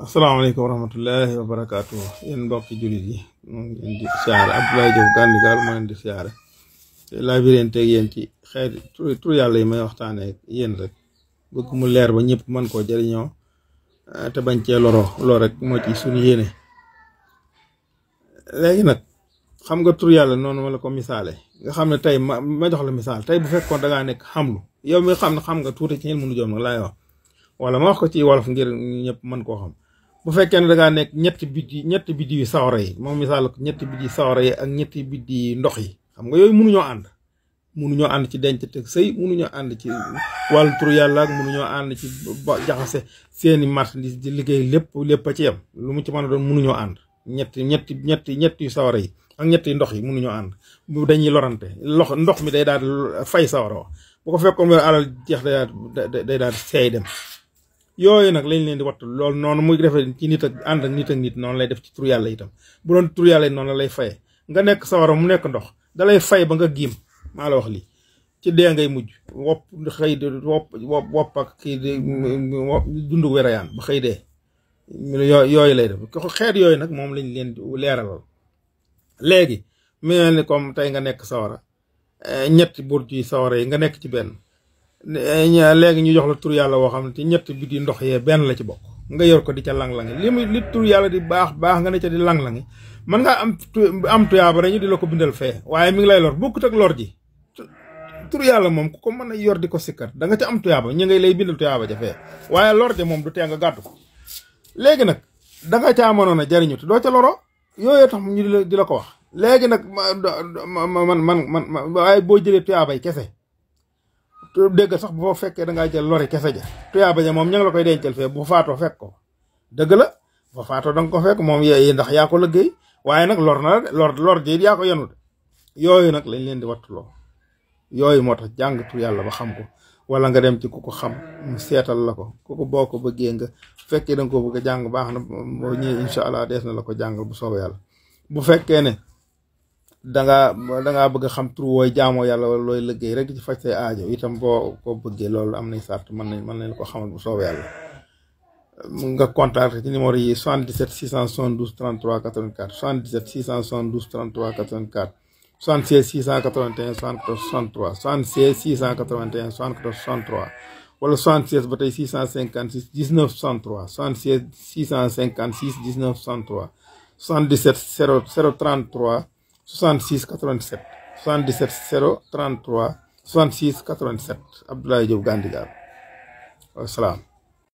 asalaamaaleykum wa rahmatullahi wa barakaatu yéen mbokki jullit yi ñu ngi leen di siyaare Gaal moo leen di te laa birenteeg yéen ci xeet tur yàlla yi may waxtaanee yéen rek bëgg mu leer ba ñëpp mën koo jëriñoo eh, te bañ cee loro loo rek moo ci suñu yéene léegi nag xam nga tur yàlla noonu ma la ko misaale nga xam ne tey ma ma jox la misaal tey bu fekkoon da ngaa nekk xamlu yow mi xam ne xam nga tuuti ci ñenn mënu joom nag laay wala ma wax ko ci wolof ngir ñëpp mën koo bu fekkee ne da nekk ñetti biddi ñetti biddi yu sawara yi moom misaal ko ñetti biddi sawara yi ak ñetti biddi ndox yi xam nga yooyu mënuñoo ànd mënuñoo ànd ci denc teg sëy mënuñoo ànd ci wàllu tur yàlla ak mënuñoo ci jaxase seeni marchandise di liggéey lépp lépp ci yem lu mu ci mën doon mënuñoo ànd ñetti ñetti ñetti ñetti yu sawara yi ak ñetti ndox yi mënuñoo ànd dañuy lorante lox ndox mi day daal fay sawara bu ko fekkoon alal jeex day daal day daal seey dem yooyu nag lañ leen di wattu loolu noonu muy defee ci nit ak ànd ak nit ak nit noonu lay def ci tur yàlla itam bu doon tur yàlla lay faye nga nekk sawara mu nekk ndox dalay fay ba nga giim maa la wax lii ci dee ngay mujj wopp xëy di wopp wopp ak kii di dund werayaan ba xëy dee yooyu lay def xeet yooyu nag moom lañ leen di lal léegi mu ne ni comme tey nga nekk sawara eh, ñetti burj yi sawara yi nga nekk ci benn Eh, léegi ñu jox la tur yàlla woo xam ne te ñett bi di ndox yee benn la ci bokk nga yor ko di ca lang-langi li muy li tur yàlla di baax baax nga ne ca di lang-langi mën ngaa am am tuyaaba rek ñu di la ko bindal fee waaye mi ngi lay lor bokkut ak lor ji tur yàlla moom ku mën a yor di ko sikkar da nga ca am tuyaaba ñu ngay lay bindal tuyaaba ja fee waaye lor ja moom du tee nga gàddu ko léegi nag da nga caa mënoon a jariñu te doo ca loro yooyu tax ñu di la di la ko wax léegi nag ma man man man ma waaye boo jëlee tuyaabay kese dégg sax boo fekkee da jël lori kese ja tuyaaba ja moom ña ngi la koy dencal fee bu faatoo fekk ko dëgg la bu faatoo danga ko fekk moom yooyu ndax yaa ko lëggéey waaye nag lor na lor lor ji yaa ko yenu yooyu nag lañ leen di wattuloo yooyu moo tax jàngatu yàlla ba xam ko wala nga dem ci ku ko xam mu seetal la ko ku ko boo ko bëggee nga fekkee da ko bëgg a jàng baax na boo ñëwee incha allah dees na la ko jàng bu soobee yàlla bu fekkee dangaa dangaa bëgg a xam tur wooy jaamoo yàlla looy liggéey rek di ci faj say aajo itam boo ko bëggee lool am nañ sart mën nañ mën nañ ko xamal bu soobee yàlla nga contacter ci numéro yi 77 672 33 84 77 672 33 84 76 681 74 63 76 681 74 63 wala 76 ba tey 656 19 63 76 656 19 63 77 0 033 66 87 77 033 66 87 Abdoulaye Diop Gandigal wa salaam